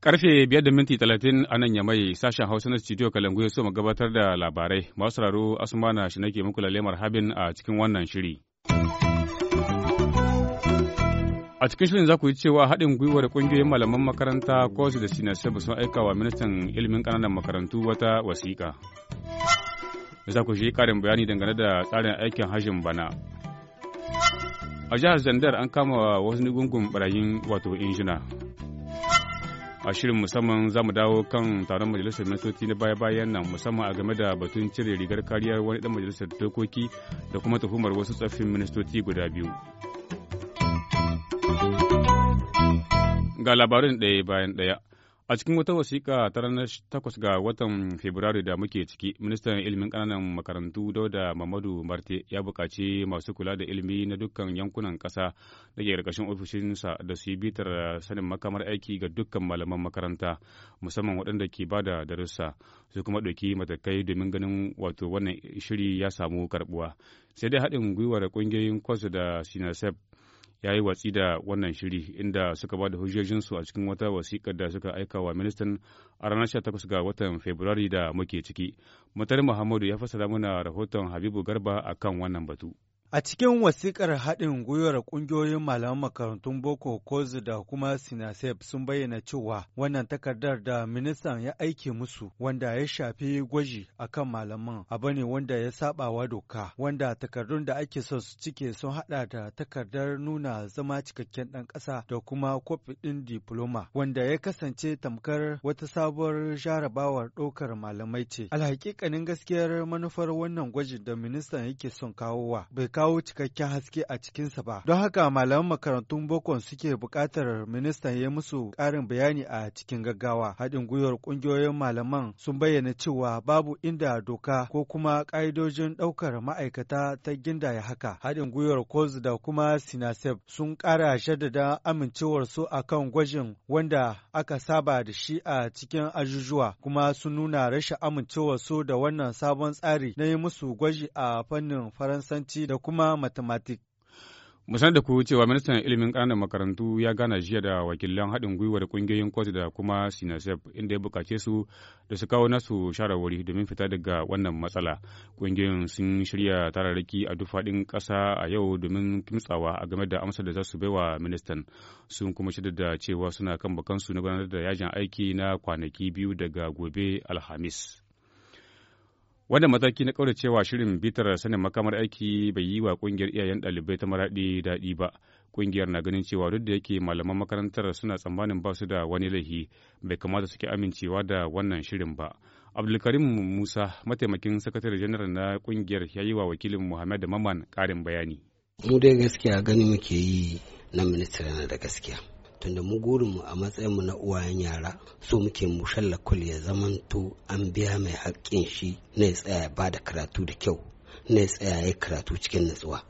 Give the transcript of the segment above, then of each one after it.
Karfe biyar da minti talatin a nan yamai sashen Hausa na studio Kalangu ya so mu gabatar da labarai. Masu asuma Asmana shi nake muku lalemar habin a cikin wannan shiri. A cikin shirin za ku yi cewa haɗin gwiwar ƙungiyoyin malaman makaranta su da ba sun aika wa ministan ilimin ƙananan makarantu wata wasiƙa. Za ku shi ƙarin bayani dangane da tsarin aikin hajjin bana. A jihar Zandar an kama wasu gungun barayin wato injina. A shirin musamman za mu dawo kan taron majalisar ministoci na baya-bayan nan musamman a game da batun cire rigar kariyar wani ɗan majalisar dokoki da kuma tuhumar wasu tsaffin ministoci guda biyu. ga labarin ɗaya bayan ɗaya. A cikin wata wasiƙa ta ranar takwas ga watan Fabrairu da muke ciki, ministan ilimin ƙananan makarantu Dauda Mamadu Marte ya buƙaci masu kula da ilimi na dukkan yankunan ƙasa da ke ƙarƙashin ofishinsa da su yi bitar sanin makamar aiki ga dukkan malaman makaranta, musamman waɗanda ke ba da darussa, su kuma ɗauki matakai domin ganin wato wannan shiri ya samu karɓuwa. Sai dai haɗin gwiwar ƙungiyoyin kwas da Sinasef ya yi watsi da wannan shiri inda suka ba da hujjojinsu a cikin wata wasiƙar da suka aika wa ministan a ranar sha 18 ga watan Fabrairu da muke ciki. Mutar Muhammadu ya fassara mana rahoton Habibu Garba a kan wannan batu. A cikin wasikar haɗin gwiwar ƙungiyoyin malaman makarantun Boko Kozu da kuma Sinasef sun bayyana cewa wannan takardar da ministan ya aike musu wanda ya shafi gwaji akan malaman abu ne wanda ya sabawa doka wanda takardun da ake son su cike sun haɗa da takardar nuna zama cikakken ɗan ƙasa da kuma kofi ɗin diploma wanda ya kasance tamkar wata sabuwar jarabawar ɗaukar malamai ce. Alhaƙiƙanin gaskiyar manufar wannan gwajin da ministan yake son kawowa bai kawo cikakken haske a cikinsa ba. Don haka malaman makarantun bokon suke buƙatar ministan ya musu ƙarin bayani a cikin gaggawa. Haɗin gwiwar ƙungiyoyin malaman sun bayyana cewa babu inda doka ko kuma ƙa'idojin ɗaukar ma'aikata ta gindaya haka. Haɗin gwiwar COS da kuma Sinasef sun ƙara jaddada amincewarsu a kan gwajin wanda aka saba da shi a cikin ajujuwa kuma sun nuna rashin amincewarsu da wannan sabon tsari na yi musu gwaji a fannin Faransanci da kuma kuma mathematics. mu sanar da ku cewa ministan ilimin kananan makarantu ya gana jiya da wakilan haɗin gwiwa da ƙungiyoyin da kuma sinasef inda ya bukace su da su kawo nasu shawarwari domin fita daga wannan matsala kungiyoyin sun shirya tararraki a duk faɗin ƙasa a yau domin kimtsawa a game da amsar da za su baiwa ministan sun kuma shirya da cewa suna kan bakansu na gudanar da yajin aiki na kwanaki biyu daga gobe alhamis. Wannan mataki na cewa shirin bitar sanin makamar aiki bai yi wa kungiyar iyayen dalibai ta maraɗi daɗi ba. kungiyar na ganin cewa duk da yake malaman makarantar suna tsammanin ba su da wani laifi bai kamata suke amincewa da wannan shirin ba. Abdulkarim Musa, mataimakin sakatare janar na kungiyar ya yi wa wakilin Muhammad Maman ƙarin bayani. Mu dai gaskiya gani muke yi na ministry na da gaskiya. tunda mu gurinmu a matsayinmu na uwayen yara so muke mu shallakul ya zamanto an biya mai haƙƙin shi na ya tsaya ba da karatu da kyau na ya tsaya ya karatu cikin natsuwa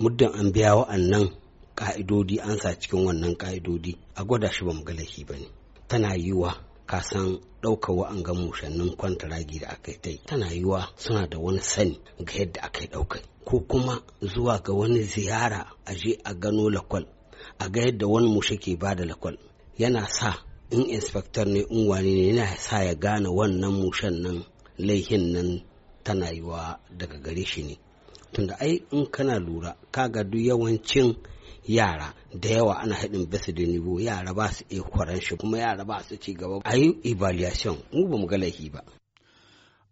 muddin an biya wa'annan ka'idodi an sa cikin wannan ka'idodi a gwada shi ba mu galahi ba ne tana yiwa ka san ɗaukar wa'angan mushannin kwantaragi da aka yi ta tana yiwa suna da wani sani ga yadda aka yi ɗaukar ko kuma zuwa ga wani ziyara a je a gano lakwal a ga yadda wani mushe ke ba da lakwal yana sa in inspector ne in wani ne yana sa ya gane wannan mushen nan laihin nan tana yiwa daga gare shi ne tunda ai in kana lura kaga duk yawancin yara da yawa ana haɗin basu da nivo yara ba su iya kwaran shi kuma yara ba su ci gaba a yi evaluation mu ba mu ga laifi ba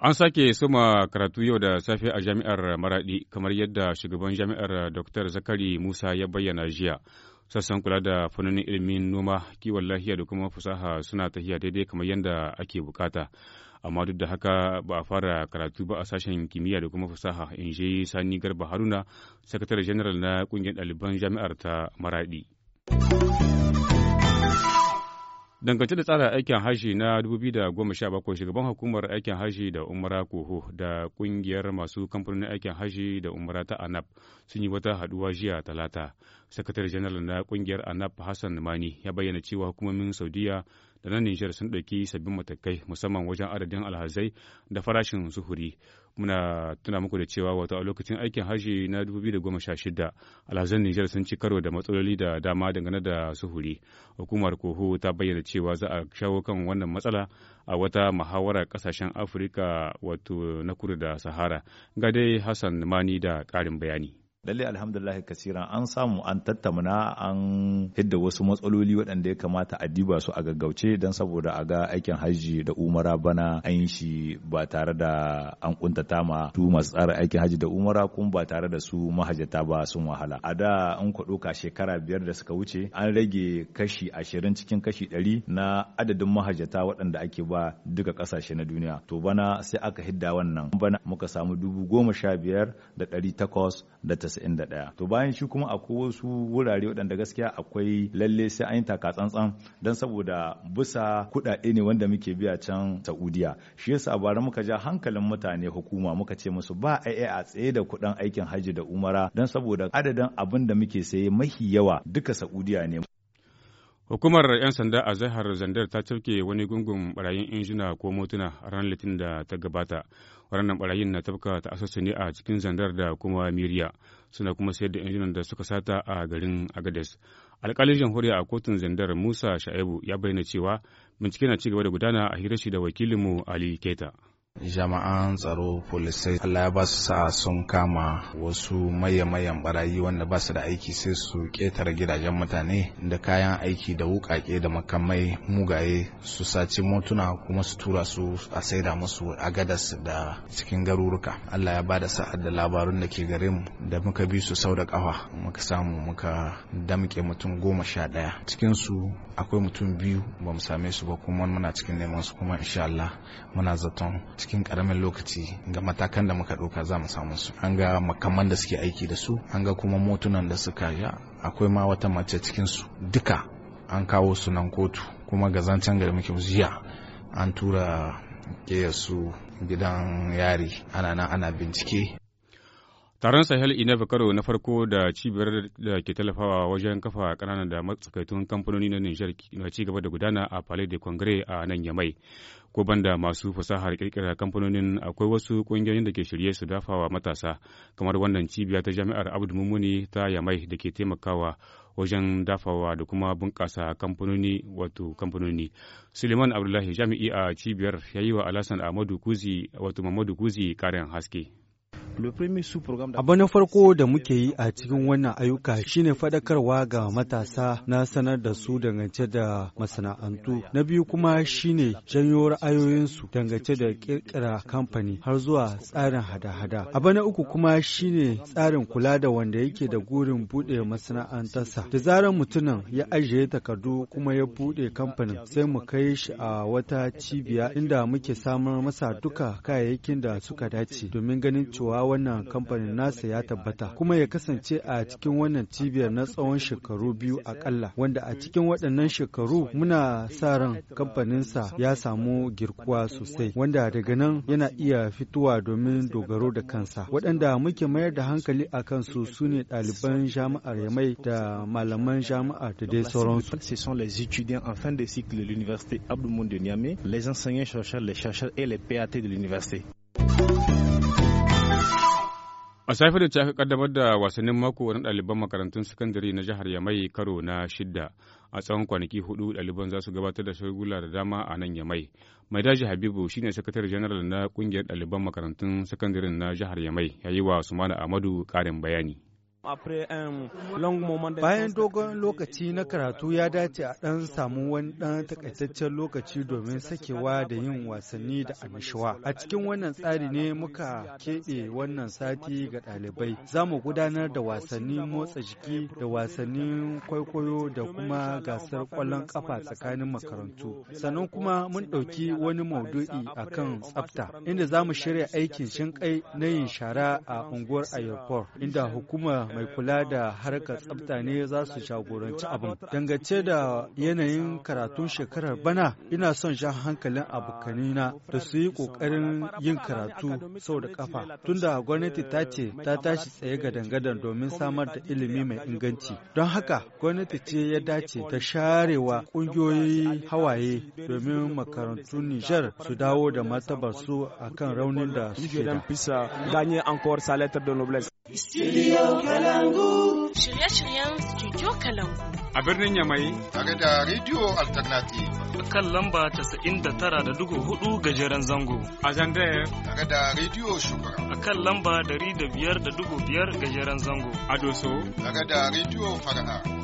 An sake suma karatu yau da safe a jami'ar Maradi kamar yadda shugaban jami'ar Dr. Zakari Musa ya bayyana jiya. sassan kula da fannonin ilimin noma kiwon lafiya da kuma fasaha suna tafiya daidai kamar yadda ake bukata amma duk da haka ba a fara karatu ba a sashen kimiyya da kuma fasaha in je sani garba haruna sakatare general na kungiyar ɗaliban jami'ar ta maradi. Dangance da tsarin aikin hashi na 2017 shugaban hukumar aikin hashi da umara koho da kungiyar masu kamfanin aikin hashi da umara ta anap sun yi wata haduwa jiya talata. Sakatare janar na kungiyar anap Hassan Mani ya bayyana cewa hukumomin Saudiya da na Nijar sun ɗauki sabbin matakai musamman wajen adadin alhazai da farashin zuhuri. muna tuna muku da cewa wato a lokacin aikin hajji na 2016 alhazan Nijar sun ci karo da matsaloli da dama dangane da suhuri. Hukumar Koho ta bayyana cewa za a shawo kan wannan matsala a wata muhawara kasashen Afirka wato na kudu da Sahara. Ga dai Hassan Mani da ƙarin bayani. lalle alhamdulillah kasira an samu an tattauna an hidda wasu matsaloli waɗanda ya kamata a diba su a gaggauce don saboda a ga aikin hajji da umara bana an shi ba tare da an kuntata ma su masu tsara aikin hajji da umara kuma ba tare da su mahajjata ba sun wahala a da an ka ɗauka shekara biyar da suka wuce an rage kashi ashirin cikin kashi ɗari na adadin mahajjata waɗanda ake ba duka ƙasashe na duniya to bana sai aka hidda wannan bana muka samu dubu goma sha biyar da ɗari takwas da 91 to bayan shi kuma akwai wasu wurare waɗanda gaskiya akwai lalle sai an yi taka tsantsan don saboda bisa kuɗaɗe ne wanda muke biya can saudiya shi yasa a bara muka ja hankalin mutane hukuma muka ce musu ba a a tsaye da kuɗin aikin hajji da umara don saboda adadin abin da muke sayi mahi yawa duka saudiya ne Hukumar 'yan sanda a zahar Zandar ta cafke wani gungun barayin injina ko motuna a ranar Litinin da ta gabata. Waɗannan barayin na tafka ta asasu ne a cikin Zandar da kuma Miriya suna kuma sayar da injinan da suka sata a garin Agades. Alƙalin jamhuriya a kotun Zandar Musa Sha'ibu ya bayyana cewa bincike na cigaba da gudana a hirashi da wakilinmu Ali Keta. jama'an tsaro polisai Allah ya ba su sa'a sun kama wasu maye-mayen barayi wanda ba su da aiki sai su ƙetare gidajen mutane da kayan aiki da wukake da makamai mugaye su saci motuna kuma su tura su a saida musu a gadas da cikin garuruka Allah ya ba da sa'ad da labarun da ke gare mu da muka bi su sau da kafa muka samu muka damke mutum goma sha ɗaya cikin su akwai mutum biyu ba mu same su ba kuma muna cikin neman su kuma insha Allah muna zaton cikin karamin lokaci ga matakan da muka ɗauka za mu samu su an ga makamman da suke aiki da su an ga kuma motunan da suka ya akwai ma wata mace cikin su duka an kawo su nan kotu kuma ga zancen gari muke jiya an tura su gidan yari ana nan ana bincike Taron Sahel ina karo na farko da cibiyar da ke tallafawa wajen kafa ƙananan da matsakaitun kamfanoni na Nijar na ci gaba da gudana a Palais de Congrès a nan Yamai. Ko banda masu fasahar kirkira kamfanonin akwai wasu ƙungiyoyin da ke shirye su dafawa matasa kamar wannan cibiya ta Jami'ar Abdu mumuni ta Yamai da ke taimakawa wajen dafawa da kuma bunƙasa kamfanoni wato kamfanoni. Suleiman Abdullahi Jami'i a cibiyar ya yi wa Alhassan Ahmadu Kuzi wato Mamadu Kuzi ƙarin haske. Abu na farko da muke yi a cikin wannan ayyuka shine fadakarwa ga matasa na sanar da su dangance da masana'antu. Na biyu kuma shine janyo ra'ayoyinsu dangance da ƙirƙira kamfani har zuwa tsarin hada-hada. Abu na uku kuma shine tsarin kula da wanda yake da gurin buɗe masana'antarsa. Da zarar mutumin ya ajiye takardu kuma ya buɗe kamfanin sai mu kai shi a wata cibiya inda muke samar masa duka kayayyakin da suka dace domin ganin cewa wannan kamfanin nasa ya tabbata kuma ya kasance a cikin wannan cibiyar na tsawon shekaru biyu akalla wanda a cikin waɗannan shekaru muna sa ran kamfaninsa ya samu girkuwa sosai wanda daga nan yana iya fitowa domin dogaro da kansa waɗanda muke mayar da hankali a kan su ne ɗaliban jami'ar yamai da malaman jami'ar da dai sauransu les enseignants chercheurs, les chercheurs et les PAT de l'université. A safe da aka kaddamar da wasannin mako na ɗaliban makarantun sakandare na jihar Yamai karo na shidda. A tsawon kwanaki hudu ɗaliban za su gabatar da shagula da dama a nan Yamai. Mai daji Habibu shine sakatare janaral na kungiyar ɗaliban makarantun sakandare na jihar Yamai ya yi wa Sumana Amadu ƙarin bayani. Bayan dogon lokaci na karatu ya dace a ɗan samu wani ɗan takaitaccen lokaci domin sakewa da yin wasanni da annashuwa. A cikin wannan tsari ne muka keɓe wannan sati ga ɗalibai. Za mu gudanar da wasannin motsa jiki da wasannin kwaikwayo da kuma gasar ƙwallon ƙafa tsakanin makarantu. Sannan kuma mun ɗauki wani maudu'i a kan tsafta, inda za mu shirya aikin shinkai na yin shara a unguwar Ayopor, inda hukumar mai kula da harkar tsafta ne za su jagoranci abin. Dangance da yanayin karatun shekarar bana ina son sha hankalin abokanina da su yi ƙoƙarin yin karatu sau da kafa. Tunda gwamnati ta ce ta tashi tsaye ga dangadan domin samar da ilimi mai inganci. Don haka gwamnati ce ya dace ta sharewa ƙungiyoyi hawaye domin makarantun Nijar su dawo da su a kan raunin da suke da. Studio Kalangu. Shirye-shiryen Studio Kalangu. A birnin Yamai. Tare da Radio Alternative. kan lamba 99.4 gajeren zango. A Zandaya. Tare da Radio Shugaba. A kan lamba 105.5 gajeren zango. A Doso. Tare da Radio Fara'a.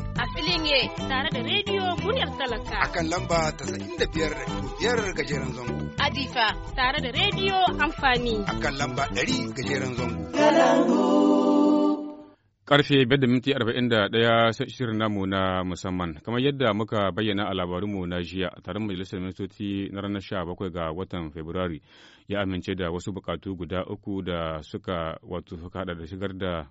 a filin ye tare da rediyo muryar talaka akan lamba ta da biyar biyar gajeren zango adifa tare da rediyo amfani akan lamba ɗari gajeren zango Karfe da minti ɗaya daya shirin namu na musamman, kamar yadda muka bayyana a labarinmu na jiya tare majalisar ministoci na ranar sha bakwai ga watan februari ya amince da wasu bukatu guda uku da suka wato suka hada da shigar da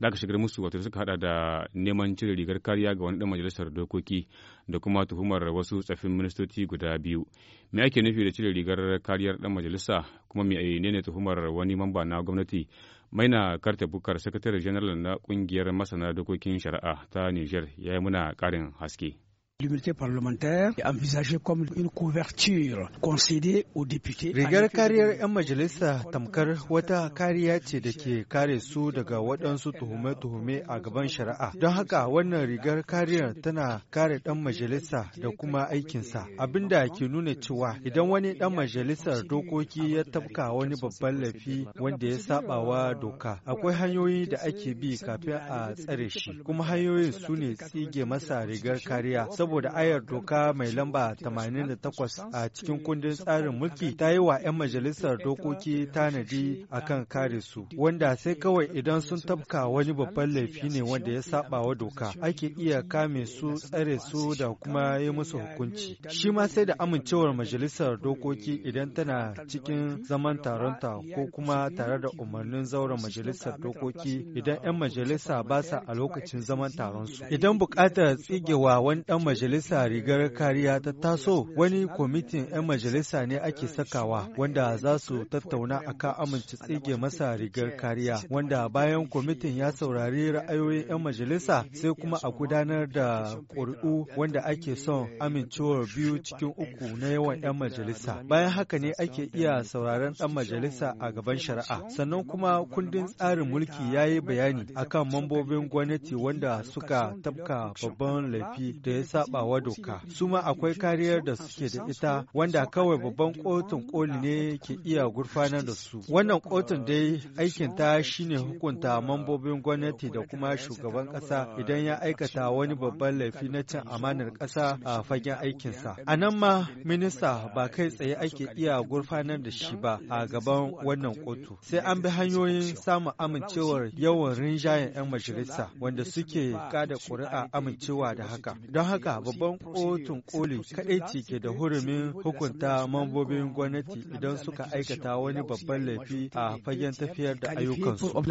da aka shigar musu wato suka hada da neman cire rigar kariya ga wani dan majalisar dokoki da kuma tuhumar wasu tsafin ministoci guda biyu me ake nufi da cire rigar kariyar dan majalisa kuma me ne tuhumar wani mamba na gwamnati maina karta bukar sakatare general na kungiyar masana dokokin shari'a ta niger ya yi muna karin haske l'immunité parlementaire et envisagée comme une couverture concédée aux députés. Rigar kariyar 'yan majalisa tamkar wata kariya ce da ke kare su daga waɗansu tuhume-tuhume a gaban shari'a. Don haka wannan rigar kariyar tana kare ɗan majalisa da kuma aikinsa. Abin da ke nuna cewa idan wani ɗan majalisar dokoki ya tafka wani babban laifi wanda ya saɓawa doka, akwai hanyoyi da ake bi kafin a tsare shi, kuma hanyoyin su ne tsige masa rigar kariya saboda saboda ayar doka mai lamba 88 a cikin kundin tsarin mulki ta yi wa 'yan majalisar dokoki tanadi a kan kare su, wanda sai kawai idan sun tabka wani babban laifi ne wanda ya saba wa doka, ake iya kame su tsare su da kuma yi musu hukunci. Shi ma sai da amincewar majalisar dokoki idan tana cikin zaman taronta ko kuma tare da umarnin zauren majalisar dokoki idan 'yan majalisa ba sa a lokacin zaman taron su. Idan bukatar tsigewa wani dan majalisa rigar kariya ta taso wani kwamitin 'yan majalisa ne ake sakawa wanda za su tattauna a ka amince tsige masa rigar kariya wanda bayan kwamitin ya saurari ra'ayoyin 'yan majalisa sai kuma a gudanar da ƙuri'u wanda ake son amincewar biyu cikin uku na yawan 'yan majalisa bayan haka ne ake iya sauraron 'yan majalisa a gaban shari'a sannan kuma kundin tsarin mulki ya yi bayani akan mambobin gwamnati wanda suka tabka babban laifi da ya sa sabawa doka su ma akwai kariyar da suke da ita wanda kawai babban kotun koli ne ke iya gurfanar da su wannan kotun dai aikin ta shine hukunta mambobin gwamnati da kuma shugaban ƙasa idan ya aikata wani babban laifi na cin amanar ƙasa a fagen aikinsa a nan ma minista ba kai tsaye ake iya gurfanar da shi ba a gaban wannan kotu sai an bi hanyoyin samun amincewar yawan rinjayen 'yan majalisa wanda suke kada ƙuri'a amincewa da haka don haka La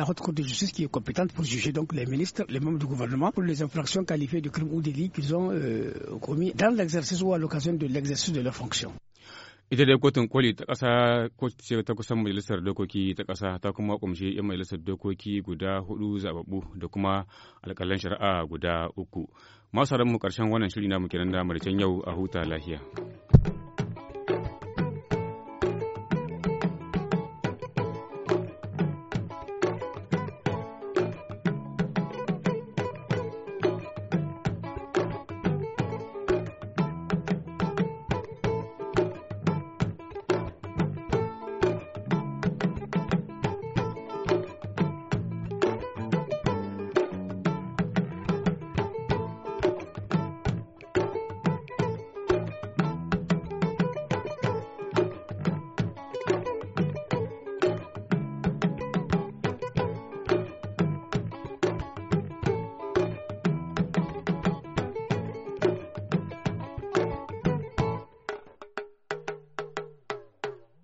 haute cour de justice qui est compétente pour juger donc les ministres, les membres du gouvernement pour les infractions qualifiées de crimes ou délits qu'ils ont euh, commis dans l'exercice ou à l'occasion de l'exercice de leurs fonctions. ita dai kotun koli ta ƙasa ce ta kusan majalisar dokoki ta ƙasa ta kuma kumshi 'yan majalisar dokoki guda hudu zababbu da kuma alƙalan shari'a guda uku masu mu ƙarshen wannan shiri na muke nan da yau a huta lahiya.